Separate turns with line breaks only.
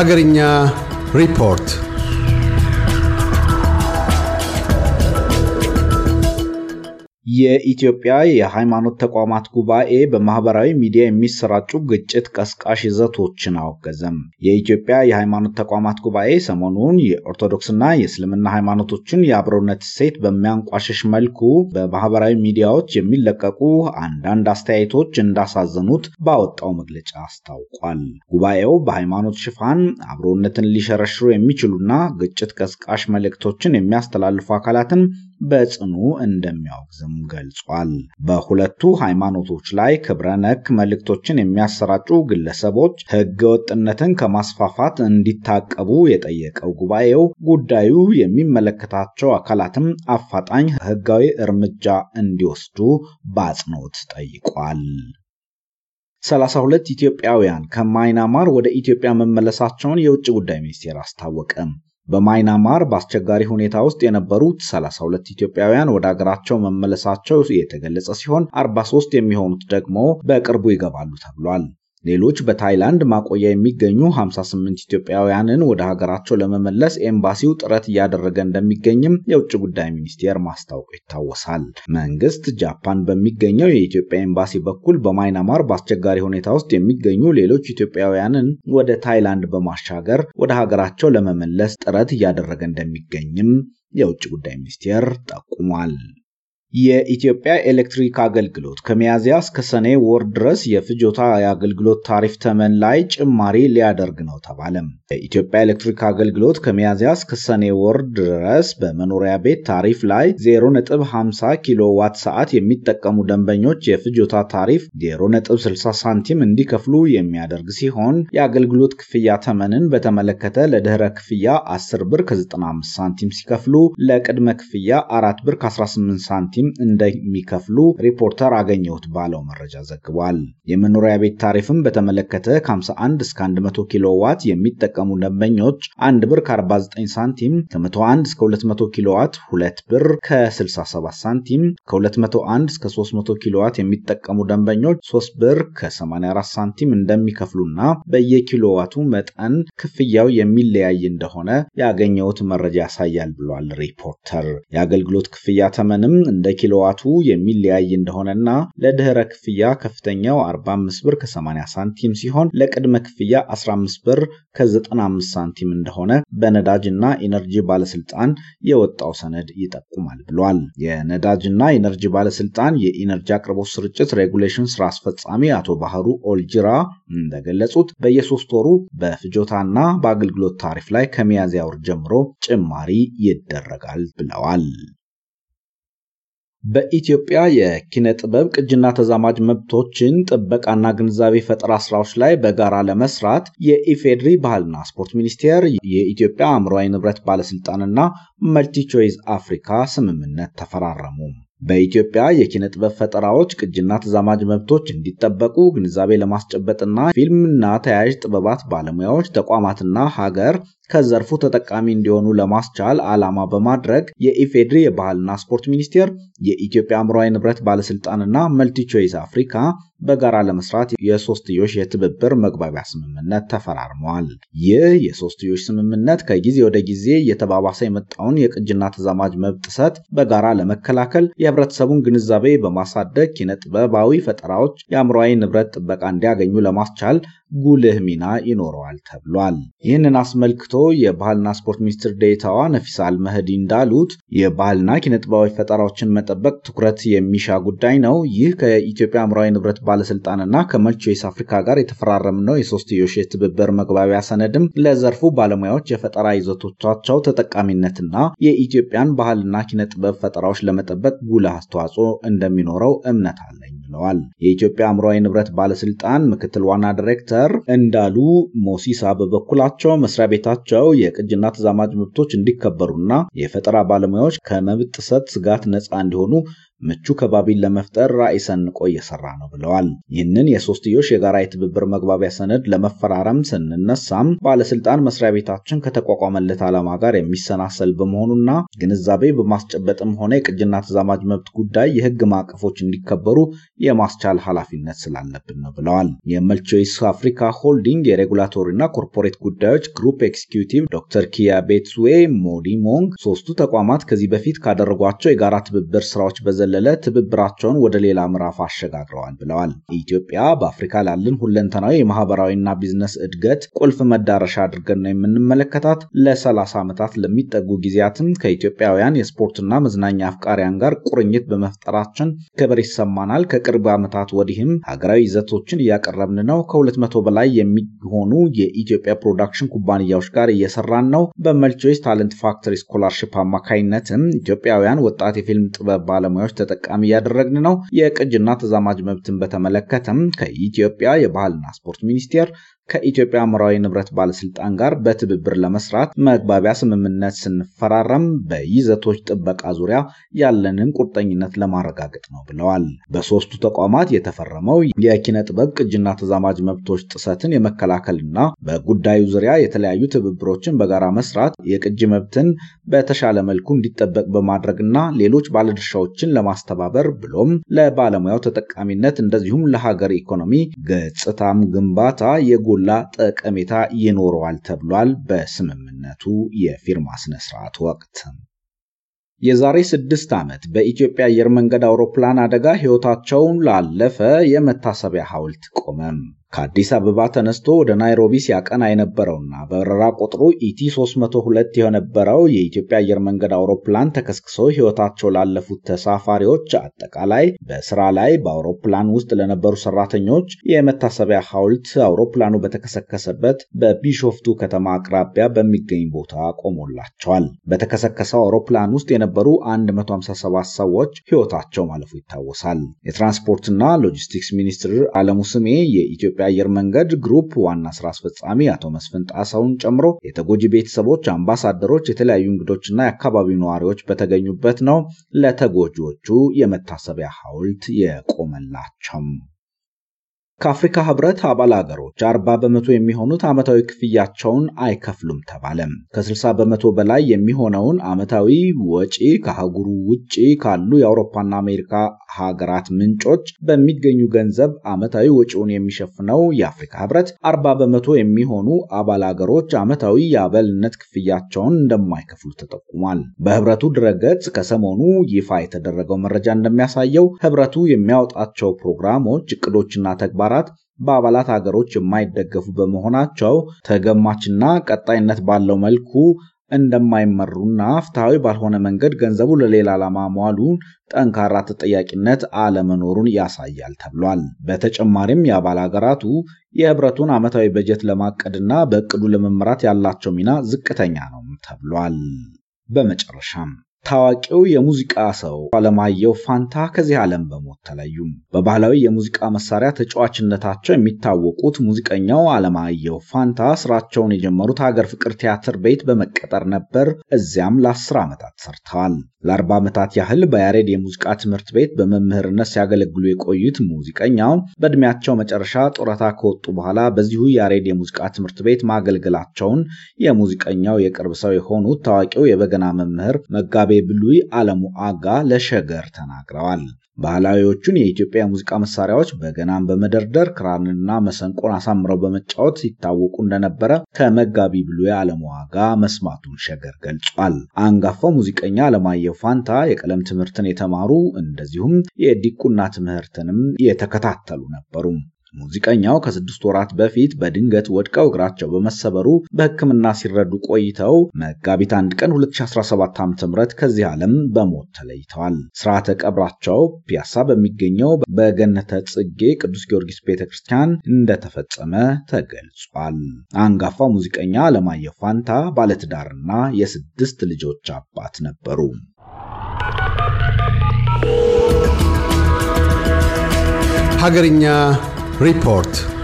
ሀገርኛ ሪፖርት የኢትዮጵያ የሃይማኖት ተቋማት ጉባኤ በማህበራዊ ሚዲያ የሚሰራጩ ግጭት ቀስቃሽ ይዘቶችን አወገዘም። የኢትዮጵያ የሃይማኖት ተቋማት ጉባኤ ሰሞኑን የኦርቶዶክስና የእስልምና ሃይማኖቶችን የአብሮነት እሴት በሚያንቋሽሽ መልኩ በማህበራዊ ሚዲያዎች የሚለቀቁ አንዳንድ አስተያየቶች እንዳሳዘኑት ባወጣው መግለጫ አስታውቋል። ጉባኤው በሃይማኖት ሽፋን አብሮነትን ሊሸረሽሩ የሚችሉና ግጭት ቀስቃሽ መልእክቶችን የሚያስተላልፉ አካላትን በጽኑ እንደሚያወግዝም ገልጿል። በሁለቱ ሃይማኖቶች ላይ ክብረ ነክ መልእክቶችን የሚያሰራጩ ግለሰቦች ወጥነትን ከማስፋፋት እንዲታቀቡ የጠየቀው ጉባኤው ጉዳዩ የሚመለከታቸው አካላትም አፋጣኝ ህጋዊ እርምጃ እንዲወስዱ በአጽንኦት ጠይቋል። 32 ኢትዮጵያውያን ከማይናማር ወደ ኢትዮጵያ መመለሳቸውን የውጭ ጉዳይ ሚኒስቴር አስታወቀም። በማይናማር በአስቸጋሪ ሁኔታ ውስጥ የነበሩት 32 ኢትዮጵያውያን ወደ አገራቸው መመለሳቸው የተገለጸ ሲሆን 43 የሚሆኑት ደግሞ በቅርቡ ይገባሉ ተብሏል። ሌሎች በታይላንድ ማቆያ የሚገኙ 58 ኢትዮጵያውያንን ወደ ሀገራቸው ለመመለስ ኤምባሲው ጥረት እያደረገ እንደሚገኝም የውጭ ጉዳይ ሚኒስቴር ማስታወቁ ይታወሳል። መንግስት ጃፓን በሚገኘው የኢትዮጵያ ኤምባሲ በኩል በማይናማር በአስቸጋሪ ሁኔታ ውስጥ የሚገኙ ሌሎች ኢትዮጵያውያንን ወደ ታይላንድ በማሻገር ወደ ሀገራቸው ለመመለስ ጥረት እያደረገ እንደሚገኝም የውጭ ጉዳይ ሚኒስቴር ጠቁሟል። የኢትዮጵያ ኤሌክትሪክ አገልግሎት ከሚያዝያ እስከ ሰኔ ወር ድረስ የፍጆታ የአገልግሎት ታሪፍ ተመን ላይ ጭማሪ ሊያደርግ ነው ተባለም። የኢትዮጵያ ኤሌክትሪክ አገልግሎት ከሚያዝያ እስከ ሰኔ ወር ድረስ በመኖሪያ ቤት ታሪፍ ላይ 0.50 ኪሎ ዋት ሰዓት የሚጠቀሙ ደንበኞች የፍጆታ ታሪፍ 0.60 ሳንቲም እንዲከፍሉ የሚያደርግ ሲሆን የአገልግሎት ክፍያ ተመንን በተመለከተ ለድህረ ክፍያ 10 ብር ከ95 ሳንቲም ሲከፍሉ ለቅድመ ክፍያ 4 ብር ከ18 ሳንቲም ሳንቲም እንደሚከፍሉ ሪፖርተር አገኘሁት ባለው መረጃ ዘግቧል። የመኖሪያ ቤት ታሪፍም በተመለከተ ከ51 እስከ 100 ኪሎ ዋት የሚጠቀሙ ደንበኞች 1 ብር ከ49 ሳንቲም፣ ከ101 እስከ 200 ኪሎ ዋት 2 ብር ከ67 ሳንቲም፣ ከ201 እስከ 300 ኪሎ ዋት የሚጠቀሙ ደንበኞች 3 ብር ከ84 ሳንቲም እንደሚከፍሉና በየኪሎ ዋቱ መጠን ክፍያው የሚለያይ እንደሆነ ያገኘሁት መረጃ ያሳያል ብሏል ሪፖርተር። የአገልግሎት ክፍያ ተመንም እንደ በኪሎዋቱ የሚለያይ እንደሆነና ለድህረ ክፍያ ከፍተኛው 45 ብር ከ80 ሳንቲም ሲሆን ለቅድመ ክፍያ 15 ብር ከ95 ሳንቲም እንደሆነ በነዳጅና ኢነርጂ ባለስልጣን የወጣው ሰነድ ይጠቁማል ብሏል። የነዳጅና ኢነርጂ ባለስልጣን የኢነርጂ አቅርቦት ስርጭት ሬጉሌሽን ስራ አስፈጻሚ አቶ ባህሩ ኦልጅራ እንደገለጹት በየሶስት ወሩ በፍጆታና በአገልግሎት ታሪፍ ላይ ከሚያዝያ ወር ጀምሮ ጭማሪ ይደረጋል ብለዋል። በኢትዮጵያ የኪነ ጥበብ ቅጅና ተዛማጅ መብቶችን ጥበቃና ግንዛቤ ፈጠራ ስራዎች ላይ በጋራ ለመስራት የኢፌድሪ ባህልና ስፖርት ሚኒስቴር፣ የኢትዮጵያ አእምሮዊ ንብረት ባለስልጣንና መልቲቾይዝ አፍሪካ ስምምነት ተፈራረሙ። በኢትዮጵያ የኪነ ጥበብ ፈጠራዎች ቅጅና ተዛማጅ መብቶች እንዲጠበቁ ግንዛቤ ለማስጨበጥና ፊልምና ተያያዥ ጥበባት ባለሙያዎች ተቋማትና ሀገር ከዘርፉ ተጠቃሚ እንዲሆኑ ለማስቻል ዓላማ በማድረግ የኢፌድሪ የባህልና ስፖርት ሚኒስቴር፣ የኢትዮጵያ አእምሯዊ ንብረት ባለስልጣንና መልቲቾይስ አፍሪካ በጋራ ለመስራት የሶስትዮሽ የትብብር መግባቢያ ስምምነት ተፈራርመዋል። ይህ የሶስትዮሽ ስምምነት ከጊዜ ወደ ጊዜ እየተባባሰ የመጣውን የቅጅና ተዛማጅ መብት ጥሰት በጋራ ለመከላከል የህብረተሰቡን ግንዛቤ በማሳደግ ኪነ ጥበባዊ ፈጠራዎች የአእምሯዊ ንብረት ጥበቃ እንዲያገኙ ለማስቻል ጉልህ ሚና ይኖረዋል ተብሏል። ይህንን አስመልክቶ የባህልና ስፖርት ሚኒስትር ዴታዋ ነፊሳ አልመህዲ እንዳሉት የባህልና ኪነጥበባዊ ፈጠራዎችን መጠበቅ ትኩረት የሚሻ ጉዳይ ነው። ይህ ከኢትዮጵያ አእምሯዊ ንብረት ባለስልጣንና ከመርቼስ አፍሪካ ጋር የተፈራረምነው የሶስትዮሽ የትብብር መግባቢያ ሰነድም ለዘርፉ ባለሙያዎች የፈጠራ ይዘቶቻቸው ተጠቃሚነትና የኢትዮጵያን ባህልና ኪነጥበብ ፈጠራዎች ለመጠበቅ ጉልህ አስተዋጽኦ እንደሚኖረው እምነት አለኝ ብለዋል። የኢትዮጵያ አእምሯዊ ንብረት ባለስልጣን ምክትል ዋና ዲሬክተር እንዳሉ ሞሲሳ በበኩላቸው መስሪያ ቤታቸው የቅጅና ተዛማጅ መብቶች እንዲከበሩና የፈጠራ ባለሙያዎች ከመብት ጥሰት ስጋት ነፃ እንዲሆኑ ምቹ ከባቢን ለመፍጠር ራዕይ ሰንቆ እየሰራ ነው ብለዋል። ይህንን የሶስትዮሽ የጋራ የትብብር መግባቢያ ሰነድ ለመፈራረም ስንነሳም ባለስልጣን መስሪያ ቤታችን ከተቋቋመለት ዓላማ ጋር የሚሰናሰል በመሆኑና ግንዛቤ በማስጨበጥም ሆነ የቅጅና ተዛማጅ መብት ጉዳይ የህግ ማዕቀፎች እንዲከበሩ የማስቻል ኃላፊነት ስላለብን ነው ብለዋል። የመልቾይስ አፍሪካ ሆልዲንግ የሬጉላቶሪና ኮርፖሬት ጉዳዮች ግሩፕ ኤክስኪዩቲቭ ዶክተር ኪያ ቤትስዌ ሞዲሞንግ ሶስቱ ተቋማት ከዚህ በፊት ካደረጓቸው የጋራ ትብብር ስራዎች በዘ ዘለለ ትብብራቸውን ወደ ሌላ ምዕራፍ አሸጋግረዋል ብለዋል። ኢትዮጵያ በአፍሪካ ላለን ሁለንተናዊ የማህበራዊና ቢዝነስ እድገት ቁልፍ መዳረሻ አድርገን ነው የምንመለከታት። ለ30 ዓመታት ለሚጠጉ ጊዜያትም ከኢትዮጵያውያን የስፖርትና መዝናኛ አፍቃሪያን ጋር ቁርኝት በመፍጠራችን ክብር ይሰማናል። ከቅርብ ዓመታት ወዲህም ሀገራዊ ይዘቶችን እያቀረብን ነው። ከ200 በላይ የሚሆኑ የኢትዮጵያ ፕሮዳክሽን ኩባንያዎች ጋር እየሰራን ነው። በመልቾች ታለንት ፋክተሪ ስኮላርሽፕ አማካይነትም ኢትዮጵያውያን ወጣት የፊልም ጥበብ ባለሙያዎች ተጠቃሚ እያደረግን ነው። የቅጅና ተዛማጅ መብትን በተመለከተም ከኢትዮጵያ የባህልና ስፖርት ሚኒስቴር ከኢትዮጵያ አእምሯዊ ንብረት ባለስልጣን ጋር በትብብር ለመስራት መግባቢያ ስምምነት ስንፈራረም በይዘቶች ጥበቃ ዙሪያ ያለንን ቁርጠኝነት ለማረጋገጥ ነው ብለዋል። በሶስቱ ተቋማት የተፈረመው የኪነ ጥበብ ቅጅና ተዛማጅ መብቶች ጥሰትን የመከላከልና በጉዳዩ ዙሪያ የተለያዩ ትብብሮችን በጋራ መስራት የቅጅ መብትን በተሻለ መልኩ እንዲጠበቅ በማድረግና ሌሎች ባለድርሻዎችን ለማስተባበር ብሎም ለባለሙያው ተጠቃሚነት እንደዚሁም ለሀገር ኢኮኖሚ ገጽታም ግንባታ የጎ የጎላ ጠቀሜታ ይኖረዋል ተብሏል። በስምምነቱ የፊርማ ስነስርዓት ወቅት የዛሬ ስድስት ዓመት በኢትዮጵያ አየር መንገድ አውሮፕላን አደጋ ሕይወታቸውን ላለፈ የመታሰቢያ ሐውልት ቆመም። ከአዲስ አበባ ተነስቶ ወደ ናይሮቢ ሲያቀና የነበረውና በበረራ ቁጥሩ ኢቲ 302 የነበረው የኢትዮጵያ አየር መንገድ አውሮፕላን ተከስክሶ ሕይወታቸው ላለፉት ተሳፋሪዎች አጠቃላይ በስራ ላይ በአውሮፕላን ውስጥ ለነበሩ ሰራተኞች የመታሰቢያ ሐውልት አውሮፕላኑ በተከሰከሰበት በቢሾፍቱ ከተማ አቅራቢያ በሚገኝ ቦታ ቆሞላቸዋል። በተከሰከሰው አውሮፕላን ውስጥ የነበሩ 157 ሰዎች ሕይወታቸው ማለፉ ይታወሳል። የትራንስፖርትና ሎጂስቲክስ ሚኒስትር አለሙ ስሜ የኢትዮጵያ የኢትዮጵያ አየር መንገድ ግሩፕ ዋና ስራ አስፈጻሚ አቶ መስፍን ጣሰውን ጨምሮ የተጎጂ ቤተሰቦች፣ አምባሳደሮች፣ የተለያዩ እንግዶችና የአካባቢው ነዋሪዎች በተገኙበት ነው ለተጎጂዎቹ የመታሰቢያ ሐውልት የቆመላቸው። ከአፍሪካ ህብረት አባል አገሮች 40 በመቶ የሚሆኑት ዓመታዊ ክፍያቸውን አይከፍሉም ተባለም። ከ60 በመቶ በላይ የሚሆነውን ዓመታዊ ወጪ ከአህጉሩ ውጪ ካሉ የአውሮፓና አሜሪካ ሀገራት ምንጮች በሚገኙ ገንዘብ ዓመታዊ ወጪውን የሚሸፍነው የአፍሪካ ህብረት 40 በመቶ የሚሆኑ አባል አገሮች ዓመታዊ የአበልነት ክፍያቸውን እንደማይከፍሉ ተጠቁሟል። በህብረቱ ድረገጽ ከሰሞኑ ይፋ የተደረገው መረጃ እንደሚያሳየው ህብረቱ የሚያወጣቸው ፕሮግራሞች፣ እቅዶችና ተግባራ ተግባራት በአባላት ሀገሮች የማይደገፉ በመሆናቸው ተገማችና ቀጣይነት ባለው መልኩ እንደማይመሩና ፍትሐዊ ባልሆነ መንገድ ገንዘቡ ለሌላ ዓላማ መዋሉን ጠንካራ ተጠያቂነት አለመኖሩን ያሳያል ተብሏል። በተጨማሪም የአባል ሀገራቱ የህብረቱን ዓመታዊ በጀት ለማቀድና በእቅዱ ለመምራት ያላቸው ሚና ዝቅተኛ ነው ተብሏል። በመጨረሻም ታዋቂው የሙዚቃ ሰው አለማየሁ ፋንታ ከዚህ ዓለም በሞት ተለዩ። በባህላዊ የሙዚቃ መሳሪያ ተጫዋችነታቸው የሚታወቁት ሙዚቀኛው አለማየሁ ፋንታ ስራቸውን የጀመሩት ሀገር ፍቅር ቲያትር ቤት በመቀጠር ነበር። እዚያም ለአስር ዓመታት ሰርተዋል። ለአርባ ዓመታት ያህል በያሬድ የሙዚቃ ትምህርት ቤት በመምህርነት ሲያገለግሉ የቆዩት ሙዚቀኛው በእድሜያቸው መጨረሻ ጡረታ ከወጡ በኋላ በዚሁ ያሬድ የሙዚቃ ትምህርት ቤት ማገልገላቸውን የሙዚቀኛው የቅርብ ሰው የሆኑት ታዋቂው የበገና መምህር መጋቤ ብሉይ አለሙ አጋ ለሸገር ተናግረዋል። ባህላዊዎቹን የኢትዮጵያ የሙዚቃ መሳሪያዎች በገናን በመደርደር ክራንና መሰንቆን አሳምረው በመጫወት ሲታወቁ እንደነበረ ከመጋቢ ብሉይ ዋጋ መስማቱን ሸገር ገልጿል። አንጋፋው ሙዚቀኛ አለማየሁ ፋንታ የቀለም ትምህርትን የተማሩ እንደዚሁም የዲቁና ትምህርትንም የተከታተሉ ነበሩ። ሙዚቀኛው ከስድስት ወራት በፊት በድንገት ወድቀው እግራቸው በመሰበሩ በሕክምና ሲረዱ ቆይተው መጋቢት አንድ ቀን 2017 ዓ.ም ከዚህ ዓለም በሞት ተለይተዋል። ስርዓተ ቀብራቸው ፒያሳ በሚገኘው በገነተ ጽጌ ቅዱስ ጊዮርጊስ ቤተ ክርስቲያን እንደተፈጸመ ተገልጿል። አንጋፋው ሙዚቀኛ አለማየሁ ፋንታ ባለትዳርና የስድስት ልጆች አባት ነበሩ። ሀገርኛ Report